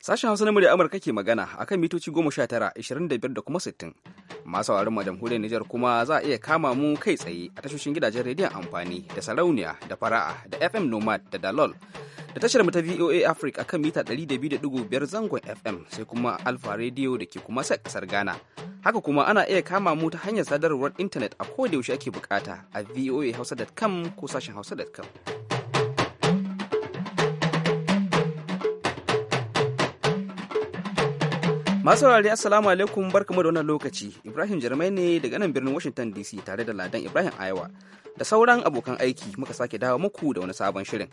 Sashen Hausa na murya Amurka ke magana a kan mitoci 19, 25 da kuma 60. Masu sauraron mu jamhuriyar Nijar kuma za a iya kama mu kai tsaye a tashoshin gidajen rediyon amfani da sarauniya da fara'a da FM Nomad da Dalol. Da tashar mu ta VOA Africa a kan mita 200.5 zangon FM sai kuma Alfa Radio da ke kuma sa kasar Ghana. Haka kuma ana iya kama mu ta hanyar sadarwar intanet a koda yaushe ake bukata a voahausa.com ko sashen hausa.com. Masu saurare Assalamu alaikum barkamu da wannan lokaci. Ibrahim Jarmai ne daga nan birnin Washington DC tare da Ladan Ibrahim Ayawa da sauran abokan aiki muka sake dawo muku da wani sabon shirin.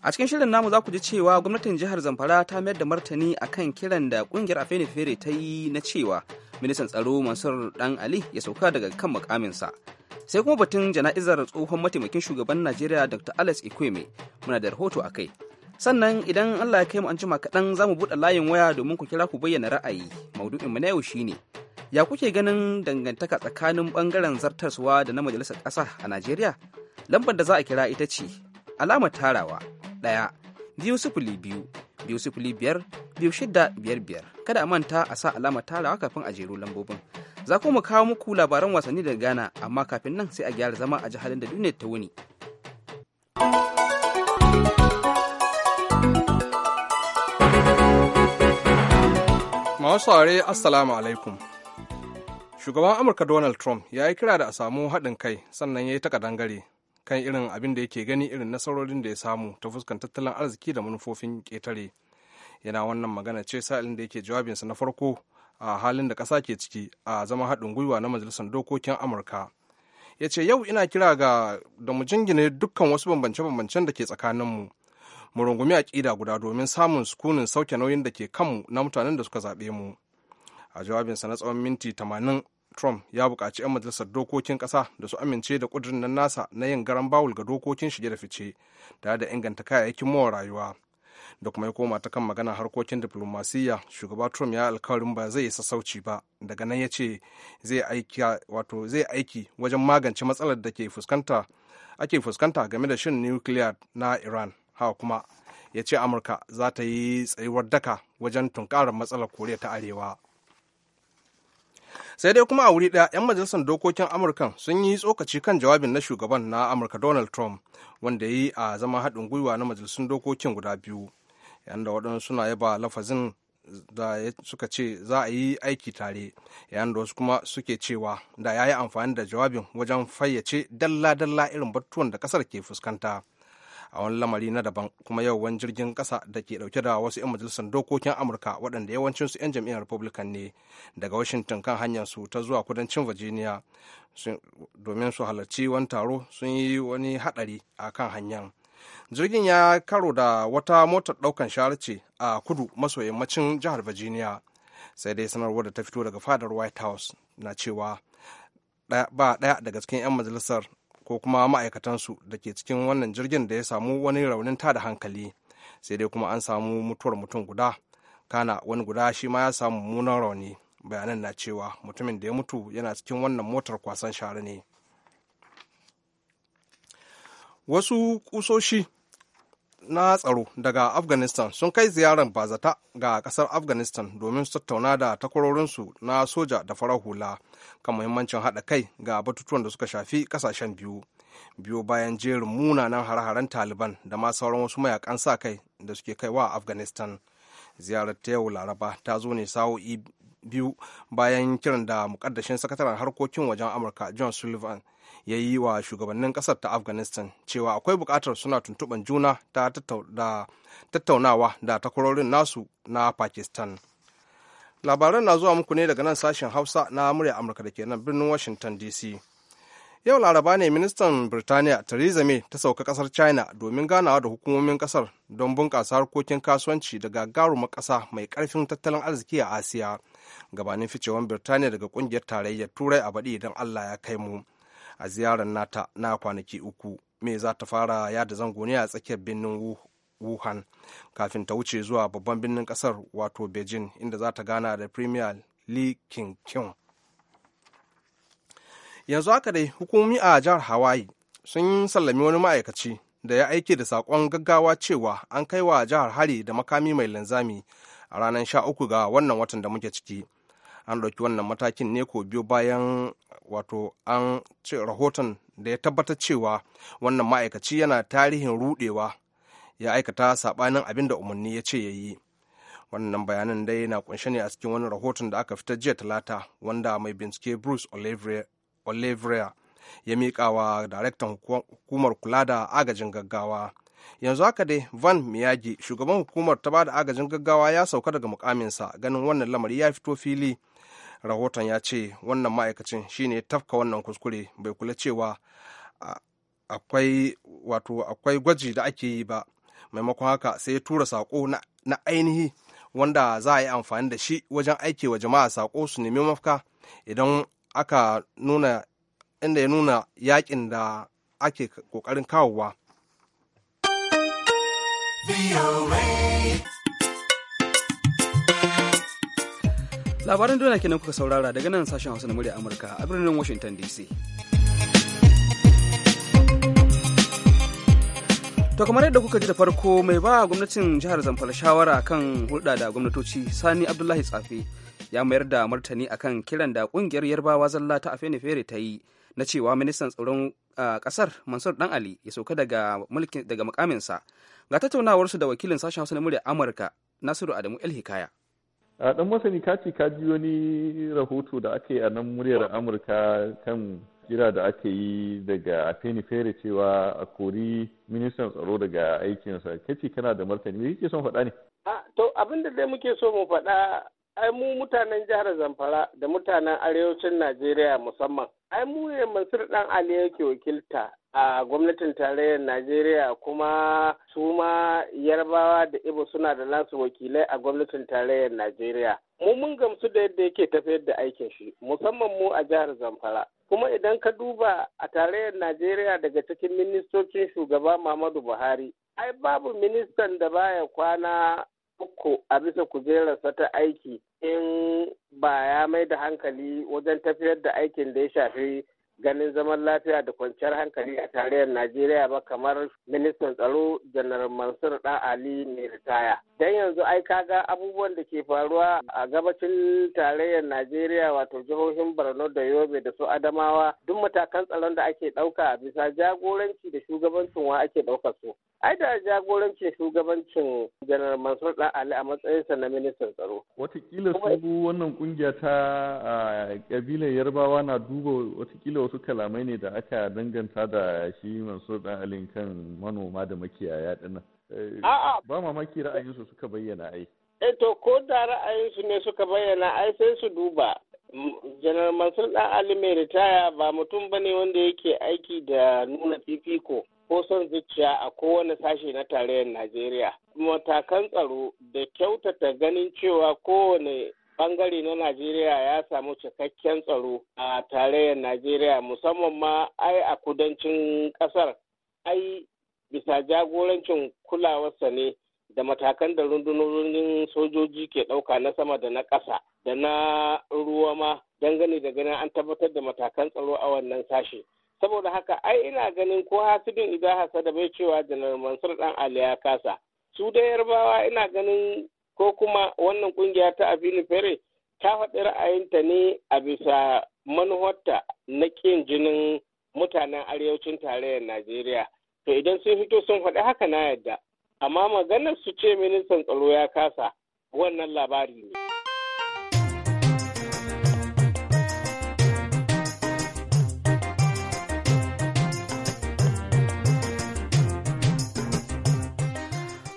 A cikin shirin namu za ku ji cewa gwamnatin jihar Zamfara ta mayar da martani a kan kiran da kungiyar Afeni Fere ta yi na cewa ministan tsaro Mansur Dan Ali ya sauka daga kan mukaminsa. Sai kuma batun jana'izar tsohon mataimakin shugaban Najeriya Dr. Alex Ikweme muna da rahoto a kai. sannan idan Allah ya kai mu an kaɗan za mu buɗe layin waya domin ku kira ku bayyana ra'ayi maudu'in mu na yau shine ya kuke ganin dangantaka tsakanin bangaren zartaswa da na majalisar ƙasa a Najeriya lambar da za a kira ita ce alamar tarawa ɗaya biyu sifili biyu biyu sifili biyar biyu shida biyar biyar kada a manta a sa alama tarawa kafin a jero lambobin za ku mu kawo muku labaran wasanni da Ghana amma kafin nan sai a gyara zama a jihar da duniya ta wuni. Masu saurari Assalamu alaikum. Shugaban Amurka Donald Trump ya yi kira da a samu haɗin kai sannan ya yi takadangare kan irin abin da yake gani irin nasarorin da ya samu ta fuskan tattalin arziki da manufofin ƙetare. Yana wannan magana ce sa'ilin da yake jawabinsa na farko a halin da ƙasa ke ciki a zama haɗin gwiwa na Majalisar Dokokin Amurka. Ya ce yau ina kira ga da mu jingine dukkan wasu bambance-bambancen da ke tsakaninmu. mu. mu rungumi aƙida guda domin samun sukunin sauke nauyin da ke kanmu na mutanen da suka zaɓe mu a jawabinsa na tsawon minti tamanin trump ya buƙaci 'yan majalisar dokokin ƙasa da su amince da ƙudurin nan nasa na yin garan bawul ga dokokin shige da fice tare da inganta kayayyakin mawa rayuwa da kuma ya koma ta kan magana harkokin diplomasiyya shugaba trump ya alkawarin ba zai sassauci ba daga nan ya ce zai aiki aiki wajen magance matsalar da ake fuskanta game da shin nukiliya na iran haka kuma ya ce amurka za ta yi tsayuwar daka wajen tunkarar matsalar koriya ta arewa sai dai kuma a wuri ɗaya 'yan majalisar dokokin amurkan sun yi tsokaci kan jawabin na shugaban na amurka donald trump wanda ya yi a zama haɗin gwiwa na majalisun dokokin guda biyu yadda waɗansu suna yaba lafazin da suka ce za a yi aiki tare yayin wasu kuma suke cewa da ya yi amfani da jawabin wajen fayyace dalla-dalla irin batuwan da ƙasar ke fuskanta a wani lamari na daban kuma yau wani jirgin kasa da ke dauke da wasu 'yan majalisar dokokin amurka waɗanda yawancinsu 'yan jam'iyyar republican ne daga washington kan hanyar su ta zuwa kudancin virginia domin su halarci wani taro sun yi wani haɗari a kan hanyar jirgin ya karo da wata motar ɗaukan ce a kudu maso yammacin jihar virginia sai dai sanarwar da ta fito daga fadar white house na cewa ba ɗaya daga cikin 'yan majalisar ko kuma ma'aikatansu da ke cikin wannan jirgin da ya samu wani raunin tada hankali sai dai kuma an samu mutuwar mutum guda kana wani guda shi ma ya samu mummunan rauni bayanan na cewa mutumin da ya mutu yana cikin wannan motar kwasan shara ne wasu kusoshi na tsaro daga afghanistan sun kai ziyarar bazata ga kasar afghanistan domin su tattauna da takwarorinsu na soja da farar hula kan muhimmancin haɗa kai ga batutuwan da suka shafi ƙasashen biyu biyu bayan jerin munanan hare-haren taliban da ma sauran wasu mayakan sa kai da suke kaiwa afghanistan ziyarar ta yau laraba ta zo ne sa'o'i biyu bayan kiran da mukaddashin sakataren harkokin wajen amurka john sullivan ya yi wa shugabannin kasar ta afghanistan cewa akwai bukatar suna tuntuɓan juna ta tattaunawa da takwarorin nasu na pakistan labaran na zuwa muku ne daga nan sashen hausa na murya amurka da ke nan birnin washington dc yau laraba ne ministan birtaniya theresa may ta sauka kasar china domin ganawa da hukumomin kasar don bunƙasa harkokin kasuwanci daga gagarumar ƙasa mai karfin tattalin arziki a asiya gabanin ficewan birtaniya daga ƙungiyar tarayyar turai a baɗi idan allah ya kai mu a ziyarar nata na kwanaki uku me za ta fara yada zango ne a tsakiyar birnin wuhan kafin ta wuce zuwa babban birnin kasar wato beijing inda za ta gana da premier li kinkin yanzu haka dai hukumomi a jihar hawaii sun sallami wani ma'aikaci da ya aiki da saƙon gaggawa cewa an kai wa jihar hari da makami mai linzami a ranar 13 ga wannan watan da muke ciki. an ɗauki wannan matakin ne ko biyo bayan wato an ce rahoton da ya tabbatar cewa wannan ma'aikaci yana tarihin rudewa ya aikata saɓanin abin da umarni ya ce ya yi wannan bayanan dai na kunshe ne a cikin wani rahoton da aka fitar jiya talata wanda mai bincike bruce olivera ya miƙa wa daraktan hukumar kula da agajin gaggawa yanzu haka dai van miyagi shugaban hukumar ta ba da agajin gaggawa ya sauka daga mukaminsa ganin wannan lamari ya fito fili rahoton ya ce wannan ma'aikacin shine tafka wannan kuskure bai kula cewa akwai wato akwai gwaji da ake yi ba maimakon haka sai ya tura sako na ainihi wanda za a yi amfani da shi wajen aiki wa jama'a sako su nemi mafka idan aka nuna inda ya nuna yakin da ake kokarin kawowa. labaran duniya kenan kuka saurara daga nan sashen hausa na murya amurka a birnin washington dc to kamar yadda kuka ji da farko mai ba gwamnatin jihar zamfara shawara kan hulɗa da gwamnatoci sani abdullahi tsafe ya mayar da martani akan kiran da kungiyar yarbawa zalla ta afenifere ta yi na cewa ministan tsaron kasar mansur dan ali ya sauka daga mulkin daga mukaminsa ga tattaunawarsu da wakilin sashen hausa na murya amurka nasiru adamu el hikaya a dan masani ka ce ka ji wani rahoto da aka yi a nan muryar amurka kan kira da aka yi daga afeni fere cewa a kori ministan tsaro daga aikinsa kace kana da martani me kike son faɗa ne to abin da dai muke so mu faɗa ai mu mutanen jihar zamfara da mutanen arewacin najeriya musamman ai mu ne mansur dan ali yake wakilta a gwamnatin tarayyar Najeriya kuma su ma yarbawa da ibo suna da nasu wakilai a gwamnatin tarayyar Najeriya. Mu mun gamsu da yadda yake tafiyar da aikin shi musamman mu a jihar Zamfara. Kuma idan ka duba a tarayyar Najeriya daga cikin ministocin shugaba Muhammadu Buhari, ai babu ministan da baya kwana uku a bisa kujerarsa ta aiki in ba ya mai da hankali wajen tafiyar da aikin da ya shafi ganin zaman lafiya da kwanciyar hankali a tarayyar Najeriya ba kamar ministan tsaro janar Mansur Da Ali mai ritaya. Dan yanzu ai kaga abubuwan da ke faruwa a gabacin tarayyar Najeriya wato jihohin Borno da Yobe da su Adamawa duk matakan tsaron da ake ɗauka bisa jagoranci da shugabancin wa ake ɗauka su. Ai da jagorancin shugabancin janar Mansur Da Ali a matsayinsa na ministan tsaro. Watakila su wannan kungiya ta kabilar Yarbawa na duba watakila wasu kalamai ne da aka danganta da shi Mansur Dan alin kan manoma da makiyaya dinnan. Eh, ba mamaki ra'ayin su suka bayyana ai. Eh to ko da ra'ayin su ne suka bayyana ai sai su duba. Janar masu Dan Ali mai ritaya ba mutum bane wanda yake aiki da nuna fifiko. ko son zuciya a kowane sashe na tarayyar Najeriya. Matakan tsaro da kyautata ganin cewa kowane bangare na Najeriya ya samu cikakken tsaro a tarayyar Najeriya musamman ma ai a kudancin kasar ai bisa jagorancin kulawarsa ne da matakan da rundunonin sojoji ke ɗauka na sama da na ƙasa da na ruwa ma gani da ganin an tabbatar da matakan tsaro a wannan sashe. saboda haka ai ina ganin ko hasibin idan hasa da bai cewa janar mansur dan ali ya kasa su da yarbawa ina ganin ko kuma wannan kungiya ta abinu Fere ta faɗi ra'ayinta ne a bisa manuwarta na ƙin jinin mutanen arewacin tarayyar Najeriya. To idan sun fito sun faɗi haka na yadda, amma maganar su ce ministan tsaro ya kasa wannan labari ne.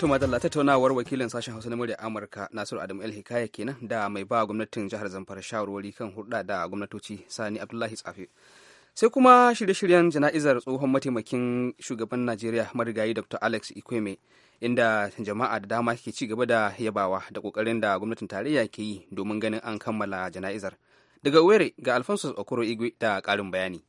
To madalla tattaunawar wakilin sashen Hausa na murya Amurka Nasiru Adamu El Hikaya kenan da mai ba gwamnatin jihar Zamfara shawarwari kan hulɗa da gwamnatoci Sani Abdullahi Tsafe. Sai kuma shirye-shiryen jana'izar tsohon mataimakin shugaban Najeriya marigayi Dr. Alex Ikweme inda jama'a da dama ke ci gaba da yabawa da kokarin da gwamnatin tarayya ke yi domin ganin an kammala jana'izar. Daga Uwere ga alfonso Okoro Igwe da ƙarin bayani.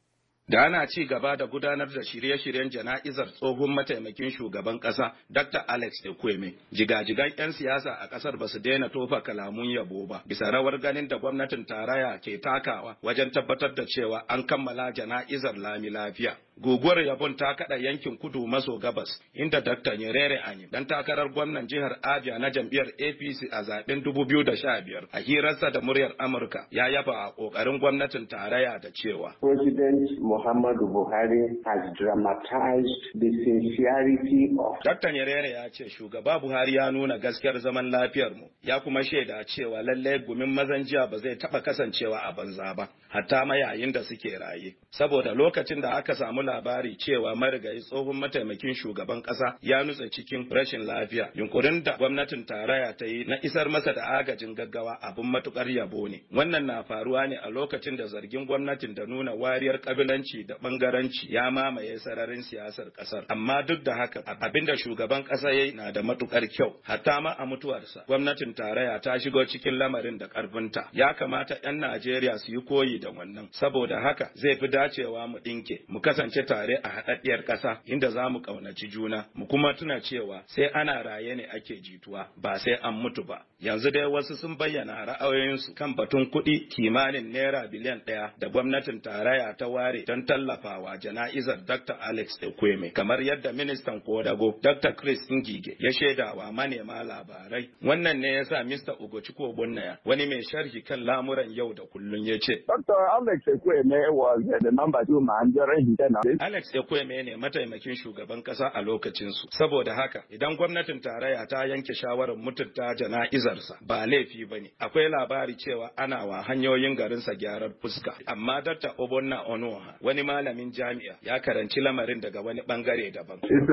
da ana ci gaba da gudanar da shirye-shiryen jana'izar tsohon mataimakin shugaban ƙasa dr alex ekweme jigajigan 'yan siyasa a ƙasar ba su daina tofa kalamun yabo ba bisa rawar ganin da gwamnatin taraya ke takawa wajen tabbatar da cewa an kammala jana'izar lami lafiya Guguwar yabon ta kaɗa yankin kudu maso gabas inda Dr. Nyerere Anyi dan takarar gwamnan jihar Abia na jam'iyyar APC a zaben 2015 a hirarsa da muryar Amurka ya yaba a kokarin gwamnatin tarayya da cewa President Muhammadu Buhari has dramatized the sincerity of Dr. Nyerere ya ce shugaba Buhari ya nuna gaskiyar zaman lafiyar mu ya kuma shaida cewa lalle gumin mazan jiya ba zai taba kasancewa a banza ba hatta mayayin da suke raye saboda lokacin da aka samu labari cewa marigayi tsohon mataimakin shugaban kasa ya nutsa cikin rashin lafiya. Yunkurin da gwamnatin tarayya ta yi na isar masa da agajin gaggawa abin matukar yabo ne. Wannan na faruwa ne a lokacin da zargin gwamnatin da nuna wariyar kabilanci da bangaranci ya mamaye sararin siyasar ƙasar. Amma duk da haka abin da shugaban kasa ya yi na da matukar kyau. Hatta ma a mutuwarsa gwamnatin tarayya ta shigo cikin lamarin da karfinta Ya kamata 'yan Najeriya su yi koyi da wannan. Saboda haka zai fi dacewa mu ɗinke mu kasance kasance tare a haɗaɗɗiyar ƙasa inda za mu ƙaunaci juna mu kuma tuna cewa sai ana raye ne ake jituwa ba sai an mutu ba yanzu dai wasu sun bayyana ra'ayoyinsu kan batun kuɗi kimanin naira biliyan ɗaya da gwamnatin tarayya ta ware don tallafawa jana'izar Dr. Alex Ekweme kamar yadda ministan Kodago Dr. Chris Ngige ya shaidawa manema labarai wannan ne yasa Mr. Ugochukwu Ogbonnaya wani mai sharhi kan lamuran yau da kullum ya ce Dr. Alex Ekweme was the number two during his Alex Ekweme ne mataimakin shugaban kasa a lokacin su. Saboda haka idan gwamnatin tarayya ta yanke shawarar mutunta jana'izarsa ba laifi ba ne. Akwai labari cewa ana wa hanyoyin garinsa gyaran fuska. Amma Dr. Obonna Onuoha wani malamin jami'a ya karanci lamarin daga wani bangare daban. Um,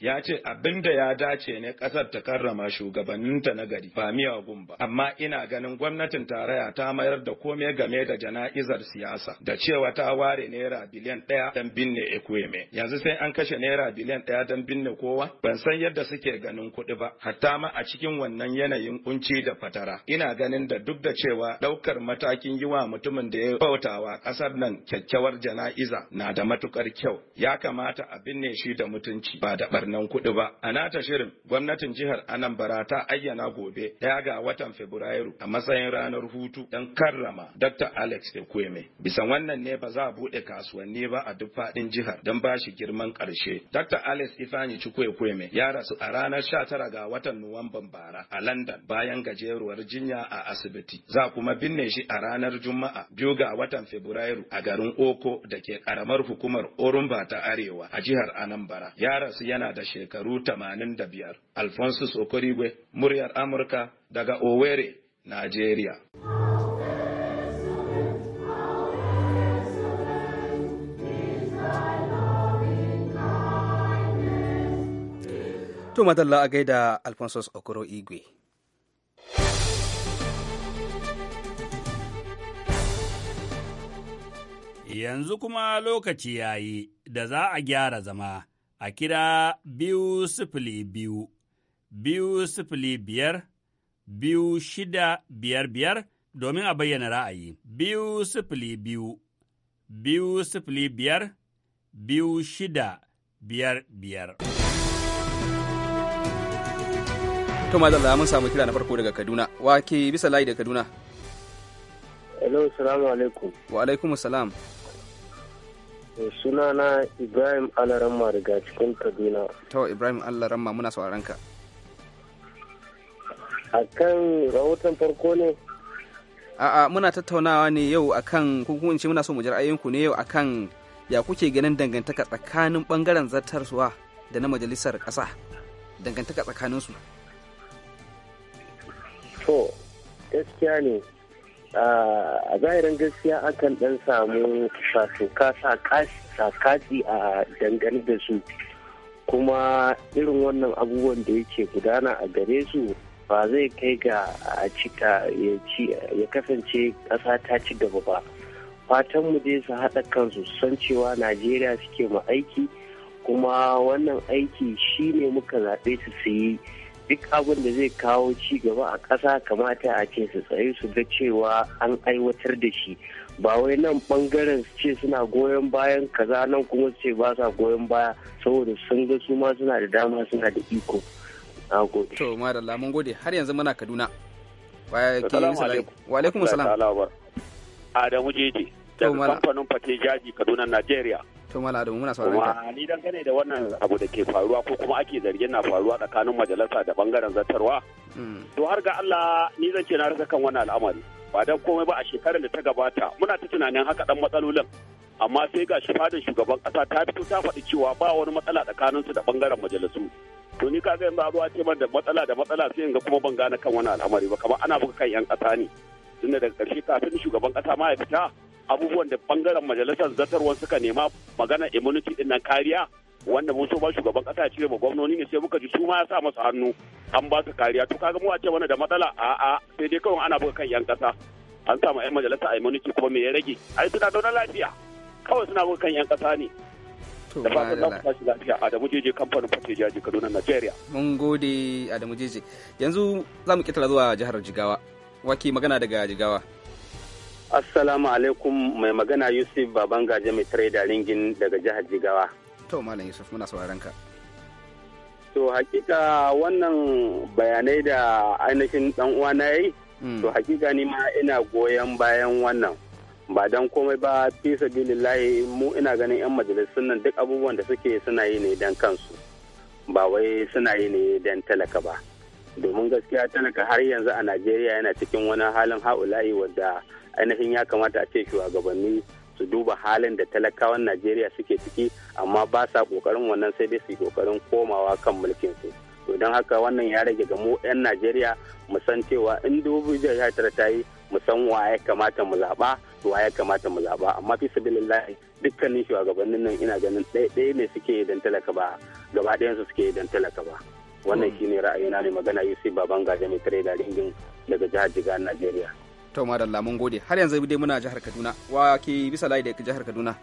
ya ce abin da ya dace ne kasar ta karrama shugabanninta na gari ba miyagun ba. Amma ina ganin gwamnatin tarayya ta mayar da komai game da jana'izar siyasa. ƙasa da cewa ta ware naira biliyan ɗaya don binne Ekweme. Yanzu sai an kashe naira biliyan ɗaya don binne kowa? Ban san yadda suke ganin kuɗi ba, hatta ma a cikin wannan yanayin kunci da fatara. Ina ganin da duk da cewa ɗaukar matakin yiwa mutumin da ya bautawa ƙasar nan kyakkyawar jana'iza na da matukar kyau. Ya kamata a binne shi da mutunci ba da ɓarnan kuɗi ba. A nata shirin gwamnatin jihar Anambra ta ayyana gobe ɗaya ga watan Fabrairu a matsayin ranar hutu don karrama Dr. Alex Ekweme. Bisa wannan ne ba za a buɗe kasuwanni ba a duk faɗin jihar don ba shi girman ƙarshe. Dr. Alex Ifani Chukwuekweme ya rasu a ranar sha tara ga watan Nuwamban bara a Landan bayan gajeruwar jinya a asibiti. Za kuma binne shi a ranar Juma'a biyu ga watan Fabrairu a garin Oko da ke ƙaramar hukumar Orumba ta Arewa a jihar Anambra. Ya rasu yana da shekaru tamanin da biyar Alphonsus Okorigwe, muryar Amurka daga Owerri, Najeriya. To madalla a gaida Alphonsus Okoro Igwe. Yanzu kuma lokaci ya yi da za a gyara zama a kira biyu sifili biyu, biyu sifili biyar, biyu shida biyar biyar domin a bayyana ra'ayi. Biyu sifili biyu, biyu sifili biyar, biyu shida biyar biyar. to mazalla mun samu kira na farko daga kaduna wake bisa layi da kaduna hello salamu alaikum wa alaikum salam eh, na ibrahim alaramma daga cikin kaduna to ibrahim alaramma muna sauraron ka akan rahoton farko ne a'a muna tattaunawa ne yau akan kun ce muna so mu ji ra'ayinku ne yau akan ya kuke ganin dangantaka tsakanin bangaren zartarsuwa da na majalisar ƙasa dangantaka tsakaninsu su to gaskiya ne a zahirin gaskiya akan dan samu sasuka kashi a dangane da su kuma irin wannan abubuwan da yake gudana a gare su ba zai kai ga a cika ya kasance ƙasa ta ci gaba ba fatan mu dai su haɗa kansu san cewa najeriya suke ma aiki kuma wannan aiki shine muka zaɓe su su yi duk abin da zai kawo ci gaba a ƙasa kamata a ce su tsaye su ga cewa an aiwatar da shi ba wai nan bangaren su ce suna goyon bayan kaza nan kuma su ce ba sa goyon baya saboda sun ga su ma suna da dama suna da iko na gode to madalla mun gode har yanzu muna kaduna wa alaikum salam adamu jeje daga kamfanin fatejaji jaji kaduna nigeria. to mala muna sauraron ka wa ni dangane da wannan abu da ke faruwa ko kuma ake zargin na faruwa tsakanin majalisa da bangaren zartarwa hmm. to har ga Allah ni zan ce na rasa kan wannan al'amari ba dan komai ba a shekarar da ta gabata muna ta tunanin haka dan matsalolin amma sai ga shi fadin shugaban kasa ta fito ta faɗi cewa ba wani matsala tsakanin su da bangaren majalisu to ni kaga yanzu ruwa ce da matsala da matsala sai in ga kuma ban gane kan wani al'amari ba kamar ana buga kan yan kasa ne tunda daga ƙarshe kafin shugaban kasa ma ya fita abubuwan da bangaren majalisar zartarwar suka nema magana immunity din nan kariya wanda mun so ba shugaban kasa cire ba gwamnoni ne sai muka ji su ma ya sa masa hannu an ba su kariya to kaga mu a ce wani da matsala a a sai dai kawai ana buga kan yan kasa an sa ma yan majalisa immunity kuma me ya rage ai suna da lafiya kawai suna buga kan yan kasa ne da fatan za ku tashi lafiya Adamu Jeje kamfanin fashe Jaji Kaduna Najeriya. Mun gode Adamu Jeje. Yanzu za mu kitara zuwa jihar Jigawa. Waki magana daga Jigawa. Assalamu alaikum mai magana Yusuf Baban Gaje mai tare da ringin daga jihar Jigawa. To Malam Yusuf muna sauraron ka. To hakika wannan bayanai da ainihin dan uwa na yi. Hmm. To hakika ni ma ina goyon bayan wannan. Ba dan komai ba fi sabilillahi mu ina ganin yan majalisun nan duk abubuwan da suke suna yi ne dan kansu. Ba wai suna yi ne dan talaka ba. Domin gaskiya talaka har yanzu a Najeriya yana cikin wani halin ha'ula'i wadda ainihin ya kamata a ce shugabanni su duba halin da talakawan najeriya suke ciki amma ba sa kokarin wannan sai dai su kokarin komawa kan mulkin su to don haka wannan ya rage ga mu 'yan najeriya mu san cewa in dubu jihar ta yi mu san wa ya kamata mu zaba wa ya kamata mu zaba amma fi sabilillahi dukkanin shugabannin nan ina ganin ɗaya ne suke idan talaka ba gaba su suke idan talaka ba wannan hmm. shine ra'ayina ne magana yusuf baban gaje mai tare da ringin daga jihar jigar najeriya to ma da lamun gode har yanzu dai muna jihar kaduna wa ke bisa layi da jihar kaduna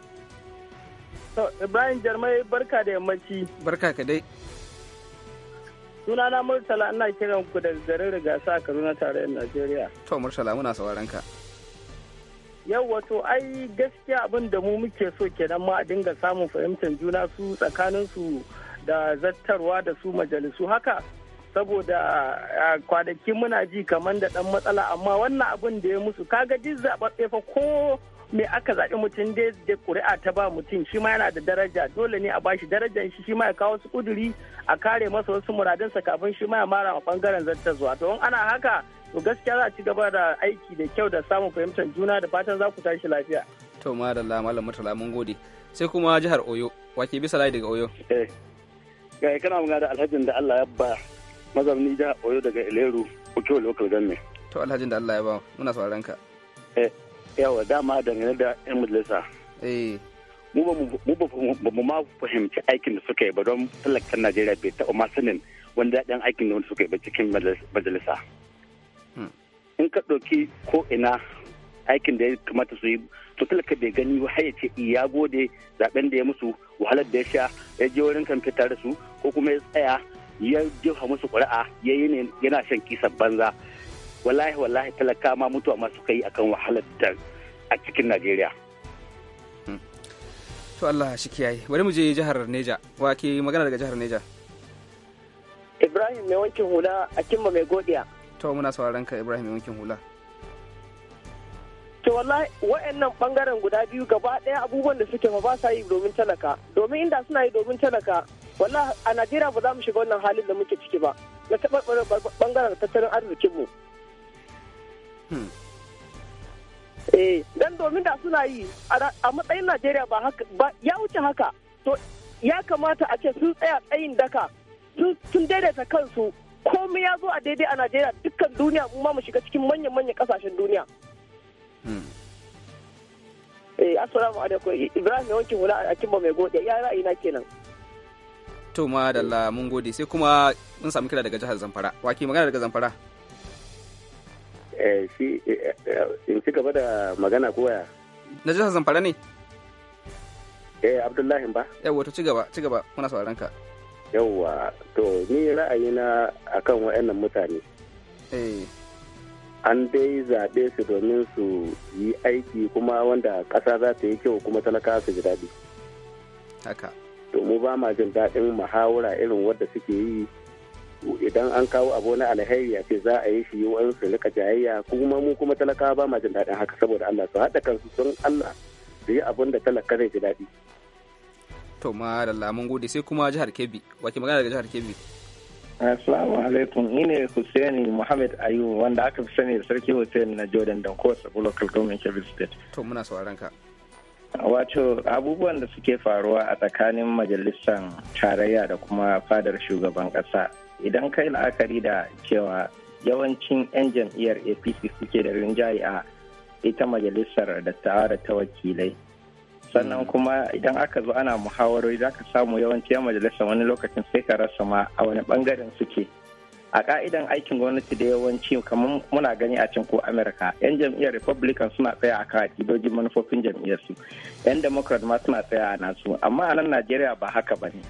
ibrahim jarmai barka da yammaci barka ka dai sunana murtala ina kiran ku daga garin rigasa a kaduna tare da najeriya to murtala muna sauraron ka yau wato ai gaskiya abin da mu muke so kenan ma a dinga samun fahimtar juna su tsakanin su da zattarwa da su majalisu haka saboda kwanaki muna ji kamar da dan matsala amma wannan abin da ya musu kaga duk zaɓaɓɓe fa ko me aka zaɓi mutum dai da ƙuri'a ta ba mutum shi ma yana da daraja dole ne a bashi darajar shi shi ma ya kawo su kuduri a kare masa wasu muradinsa kafin shi ma ya mara ma bangaren zuwa to in ana haka to gaskiya za a ci gaba da aiki da kyau da samun fahimtar juna da fatan za ku tashi lafiya. to madalla malam mutala mun gode sai kuma jihar oyo wake bisa layi daga oyo. eh kana magana da alhajin da Allah ya ba mazauni da oyo daga eleru ukiyo local government to alhajin da allah ya ba muna sauran ka eh yawa dama dangane da yan majalisa eh mu ba mu ma fahimci aikin da suka yi ba don talakan najeriya bai taɓa ma sanin wani daɗin aikin da wanda suka yi ba cikin majalisa hmm. in ka ɗauki ko ina aikin da ya kamata su yi to talaka bai gani har ya ce ya gode zaben da ya musu wahalar da ya sha ya je wurin kamfe tare su ko kuma ya tsaya ya jefa musu ƙuri'a ya yi yana shan kisan banza wallahi wallahi talaka ma mutuwa masu suka yi akan wahalar da a cikin najeriya to allah shi kiyaye bari mu je jihar neja wa ke magana daga jihar neja ibrahim mai wankin hula a kimba mai godiya to muna sauraron ka ibrahim mai wankin hula to wallahi wa'annan bangaren guda biyu gaba ɗaya abubuwan da suke fa ba sa yi domin talaka domin inda suna yi domin talaka Wallah a Najeriya ba za mu shiga wannan halin da muke ciki ba. Na taɓa ɓangaren tattalin arzikinmu. Hmm. Eh, dan domin da suna yi a matsayin Najeriya ba ya wuce haka. To ya kamata a ce sun tsaya tsayin daka sun daidaita kansu komai ya zo a daidai a Najeriya dukkan duniya mu ma mu shiga cikin manyan manyan kasashen duniya. Hmm. Eh, assalamu alaikum Ibrahim yawancin hula a kimba mai gode ya ra'ayi na kenan. to ma da la mun gode sai kuma mun samu kira daga jihar Zamfara waki magana daga Zamfara eh shi eh, eh, in ci gaba da magana ko ya na jihar Zamfara ne eh Abdullahi ba eh to ci gaba ci gaba muna sauraron ka yawa to ni ra'ayina akan wayannan mutane eh an dai zaɓe su domin su yi aiki kuma wanda ƙasa za ta yi kyau kuma talaka su ji daɗi haka to mu ba ma jin daɗin muhawara irin wadda suke yi idan an kawo abu na alheri a ce za a yi shi wani su rika jayayya kuma mu kuma talakawa ba ma jin daɗin haka saboda Allah su haɗa kansu sun Allah su yi abin da talaka zai ji daɗi. To ma da lamun gode sai kuma jihar Kebbi wake magana daga jihar Kebbi. Assalamu alaikum ni ne Hussaini Muhammad ayu wanda aka fi sani da Sarki Hussein na Jordan dan kowace Local Government Kebbi State. To muna sauran ka. Wato abubuwan da suke faruwa a tsakanin majalisar tarayya da kuma fadar shugaban Kasa. Idan kai la'akari da cewa yawancin 'yan jam'iyyar APC suke da rinjaye a ita majalisar dattawa da ta wakilai. Sannan hmm. kuma idan aka zo ana muhawarori za ka samu yawancin 'yan majalisar wani lokacin sai ka rasa ma a wani bangaren suke. a ka'idan aikin gwamnati da yawanci kamar muna gani a can ko amurka yan jam'iyyar republican suna tsaya a kan akidojin manufofin jam'iyyar su yan democrat ma suna tsaya a nasu amma a nan najeriya ba haka ba ne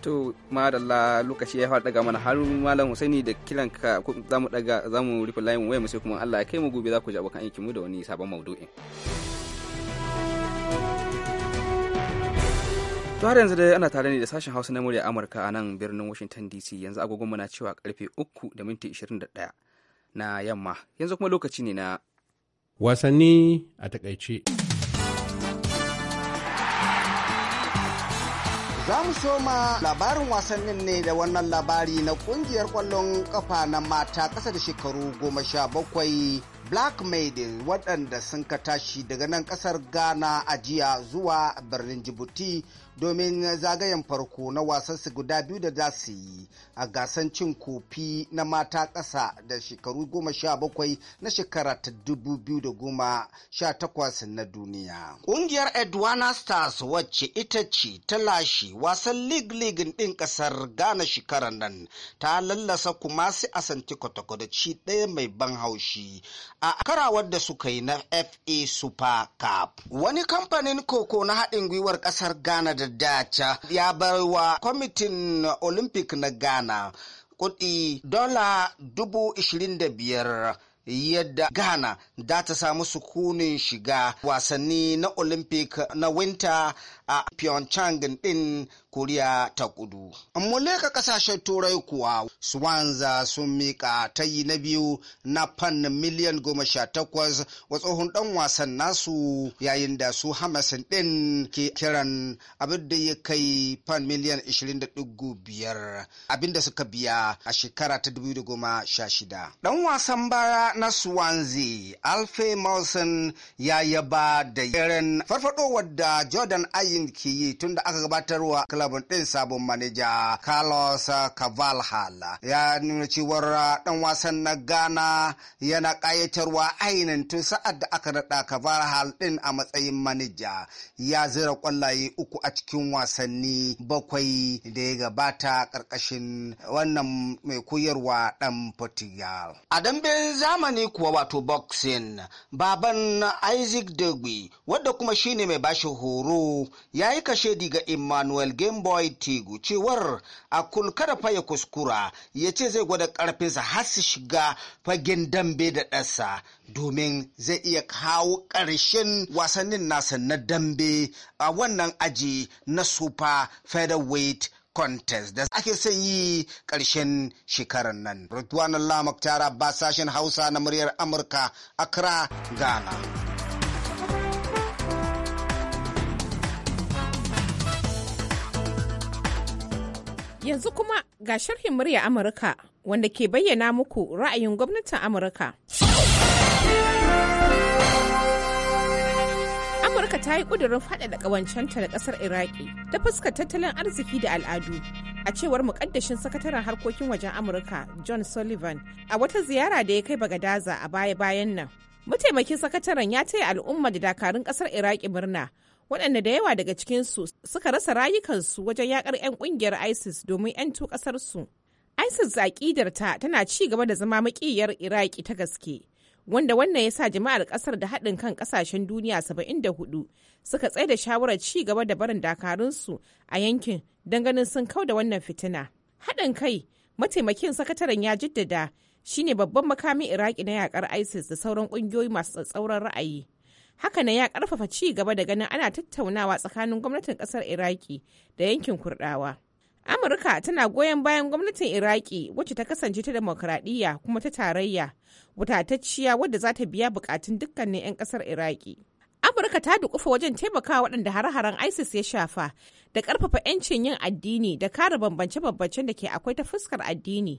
to madalla lokaci ya fara daga mana har malam husaini da kiran ka za mu daga za mu rufe layin waya mu sai kuma Allah ya kai mu gobe za ku ji abokan aikin mu da wani sabon maudu'in har yanzu dai ana tare ne da sashen hausa na murya amurka a nan birnin washington dc yanzu agogon na cewa karfe 3 da minti 21 na yamma yanzu kuma lokaci ne na wasanni a takaice Za mu soma labarin wasannin ne da wannan labari na kungiyar kwallon kafa na mata ƙasa da shekaru goma sha bakwai Black Maiden waɗanda sun ka tashi daga nan ƙasar Ghana a jiya zuwa birnin Djibouti domin zagayen farko na wasansu guda biyu da za su yi a gasan cin kofi na mata ƙasa da shekaru goma sha bakwai na shekara ta dubu biyu da goma sha takwas na duniya. Ƙungiyar Edwana Stars wacce ita ce ta lashe wasan League League ɗin ƙasar Ghana shekarar nan ta lallasa kumasi asanti kwatakwa da ci ɗaya mai ban haushi a karawar da suka yi na FA Super Cup. Wani kamfanin koko na haɗin gwiwar ƙasar Ghana da Dacha ya bar kwamitin Olympic na Ghana kudi. dola dubu ishirin da biyar yadda Ghana za ta samu sukunin shiga wasanni na Olympic na winter a Pyeongchang din Koriya ta kudu. Amma ka kasashen turai kuwa Swanza sun mika tayi na biyu na fan miliyan goma sha takwas wa tsohon ɗan wasan nasu yayin da su Hamasin din ke kiran abin da ya kai fan miliyan ishirin biyar abin da suka biya a shekara ta dubu da Ɗan wasan baya na Swanzi Alfie Mawson ya yaba da yaren farfadowar da Jordan Ayi yin ke yi tun da aka gabatarwa kilabin ɗin sabon manija Carlos cavalhal ya nuna cewar uh, ɗan wasan na Ghana yana kayatarwa ainihin tun sa'ad da aka naɗa cavalhal ɗin a matsayin manija ya zira kwallaye uku a cikin wasanni bakwai da ya gabata ƙarƙashin wannan mai koyarwa ɗan Portugal. A damben zamani kuwa wato boxing baban Isaac Dogbe wadda kuma shine mai bashi horo ya yi kashe diga Emmanuel Gameboy Tigu cewar a kada fa ya kuskura ya ce zai gwada ƙarfinsa har su shiga fagen dambe da ɗasa domin zai iya kawo ƙarshen wasannin nasa na dambe a wannan aji na Super Featherweight contest da ake son yi ƙarshen shekarar nan. Ridwan Allah Mukhtar basashen sashen Hausa na muryar Amurka, Accra, Ghana. Yanzu kuma ga sharhin murya Amurka wanda ke bayyana muku ra'ayin gwamnatin Amurka. Amurka ta yi ƙudurin faɗaɗa ƙawancenta da ƙasar Iraki ta fuskar tattalin arziki da al'adu. A cewar mukaddashin sakataren harkokin wajen Amurka John Sullivan a wata ziyara da ya kai Bagadaza a baya-bayan nan. Mataimakin sakataren ya taya al'umma da dakarun ƙasar Iraki murna waɗanda da yawa daga cikinsu suka rasa rayukansu wajen yakar 'yan ƙungiyar isis domin 'yan ƙasarsu isis a ta tana ci gaba da zama maƙiyar iraki ta gaske wanda wannan ya sa jama'ar ƙasar da haɗin kan ƙasashen duniya 74 suka tsaida shawarar ci gaba da barin dakarunsu a yankin don ganin sun kau da wannan fitina haɗin kai mataimakin sakataren ya jaddada shine babban makamin iraki na yakar isis da sauran ƙungiyoyi masu tsatsauran ra'ayi haka hakanan ya karfafa ci gaba da ganin ana tattaunawa tsakanin gwamnatin kasar iraki da yankin kurdawa amurka tana goyon bayan gwamnatin iraki wacce ta kasance ta demokradiyya kuma ta tarayya wadatacciya wadda za ta biya bukatun dukkanin 'yan kasar iraki amurka ta dukufa wajen taimakawa waɗanda har haren isis ya shafa da karfafa 'yancin yin addini da kare bambance-bambancen da ke akwai ta fuskar addini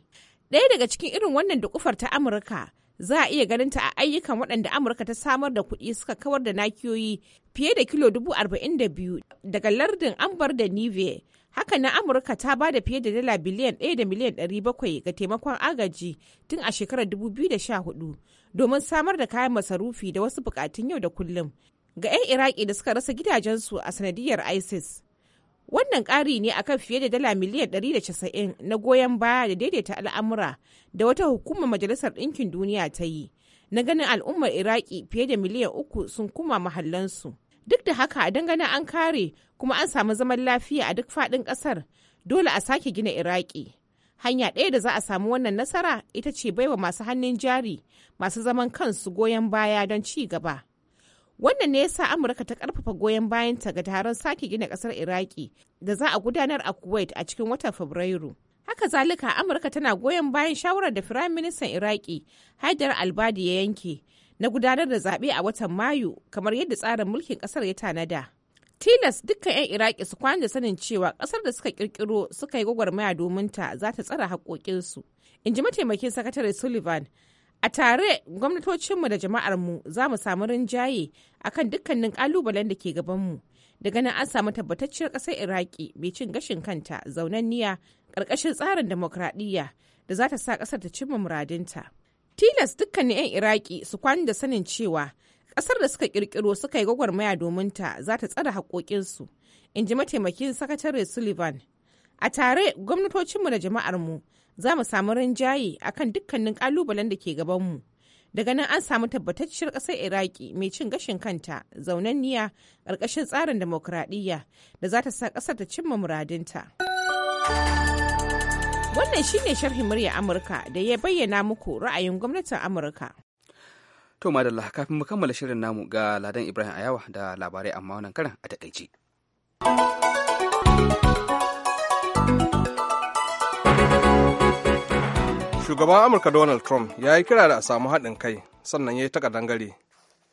ɗaya daga cikin irin wannan dukufar ta amurka za a iya ganin ta a ayyukan waɗanda amurka ta samar da kuɗi suka kawar da nakiyoyi fiye da kilo dubu arba'in da biyu daga lardin ambar da nive haka na amurka ta ba da fiye da dala biliyan ɗaya da miliyan ɗari bakwai ga taimakon agaji tun a shekarar dubu biyu da sha hudu domin samar da kayan masarufi da wasu bukatun yau da kullum ga 'yan iraki da suka rasa gidajensu a sanadiyar isis Wannan ƙari ne akan fiye da dala miliyan 190 na goyon baya da daidaita al'amura da wata hukumar Majalisar Ɗinkin Duniya ta yi. Na ganin al'ummar Iraki fiye da miliyan uku sun kuma mahallansu. Duk da haka a dangane an kare kuma an samu zaman lafiya a duk faɗin ƙasar dole a sake gina Iraki. Hanya ɗaya da za a samu wannan nasara ita ce baiwa masu hannun jari masu zaman kansu goyon baya don ci gaba. Wannan ne yasa Amurka ta karfafa goyon bayanta ga taron sake gina kasar Iraki da za a gudanar a Kuwait a cikin watan Fabrairu. Haka zalika Amurka tana goyon bayan shawarar da Firayim Ministan Iraki Haidar Albadi ya yanke na gudanar da zaɓe a watan Mayu kamar yadda tsarin mulkin ƙasar ya tanada. Tilas dukkan 'yan Iraki su kwana da sanin cewa ƙasar da suka ƙirƙiro suka yi gwagwarmaya domin ta za ta tsara haƙoƙinsu. In ji mataimakin sakatare Sullivan A tare gwamnatocinmu da jama'armu za mu samu rinjaye akan dukkanin kalubalen da ke gabanmu. Daga nan an samu tabbatacciyar ƙasar Iraki mai cin gashin kanta zaunanniya ƙarƙashin tsarin demokradiyya da za ta sa ƙasar ta cimma muradinta. Tilas dukkanin 'yan Iraki su kwani da sanin cewa ƙasar da suka ƙirƙiro suka yi gwagwarmaya domin ta za ta tsare haƙoƙinsu, in ji mataimakin sakatare Sullivan. A tare gwamnatocinmu da jama'armu mu za mu samu rinjaye akan dukkanin kalubalen da ke gabanmu daga nan an samu tabbatacciyar ƙasar iraki mai cin gashin kanta zaunanniya ƙarƙashin tsarin demokuraɗiyya da za ta sa ƙasar ta cimma muradinta wannan shine sharhin murya amurka da ya bayyana muku ra'ayin gwamnatin amurka to madalla kafin mu kammala shirin namu ga ladan ibrahim ayawa da labarai amma wannan karan a takaice shugaban amurka donald trump ya yi kira da a samu haɗin kai sannan ya yi taka dangare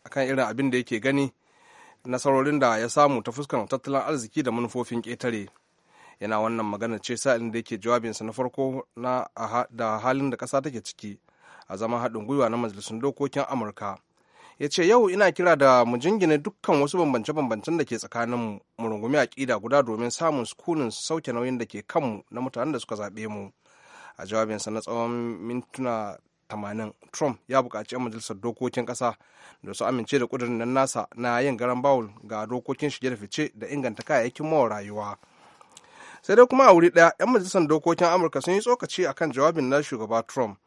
akan irin abin da yake gani nasarorin da ya samu ta fuskar tattalin arziki da manufofin ƙetare yana wannan magana ce sa'ilin da yake jawabinsa na farko da halin da ƙasa take ciki a zaman haɗin gwiwa na majalisun dokokin amurka ya ce yau ina kira da mu jingine dukkan wasu bambance-bambancen da ke tsakanin mu rungumi aƙida guda domin samun sukunin sauke nauyin da ke kanmu na mutanen da suka zaɓe mu a jawabinsa na tsawon mintuna tamanin trump ya buƙaci 'yan majalisar dokokin ƙasa da su amince da ƙudurin nan nasa na yin garan bawul ga dokokin shige da fice da inganta kayayyakin mawa rayuwa sai dai kuma a wuri ɗaya 'yan majalisar dokokin amurka sun yi tsokaci akan jawabin na shugaba trump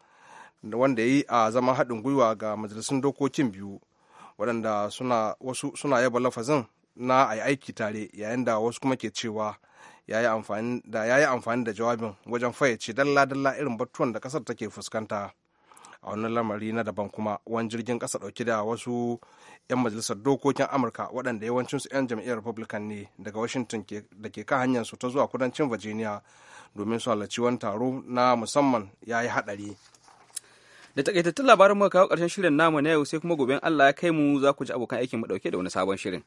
wanda ya yi a zaman haɗin gwiwa ga majalisun dokokin biyu waɗanda suna wasu suna yaba lafazin na a yi aiki tare yayin da wasu kuma ke cewa ya yi amfani da jawabin wajen fayyace dalla-dalla irin batuwan da kasar take fuskanta a wani lamari na daban kuma wani jirgin kasa dauke da wasu 'yan majalisar dokokin amurka waɗanda yawancinsu 'yan jam'iyyar republican ne daga washington da ke kan hanyar su ta zuwa kudancin virginia domin su halarci wani taro na musamman ya yi haɗari da takaitattun labarin muka kawo ƙarshen shirin namu na yau sai kuma gobe allah ya kai mu za ku ji abokan aikin mu dauke da wani sabon shirin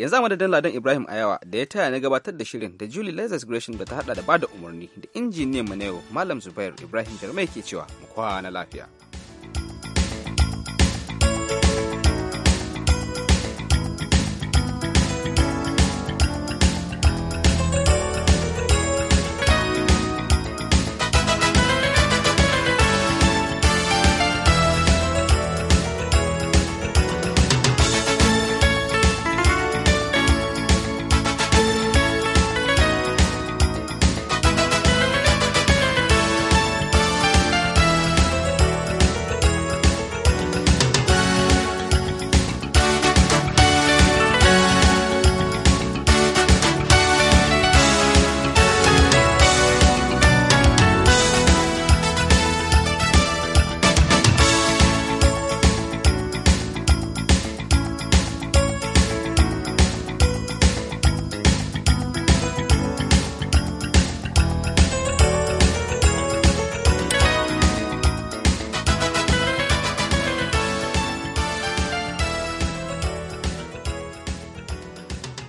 yanzu a madadin ladan ibrahim ayawa da ya taya na gabatar da shirin da julie lazarus gresham da ta hada da bada umarni da injiniyan maneo na yau malam zubair ibrahim jarmai ke cewa mu kwana lafiya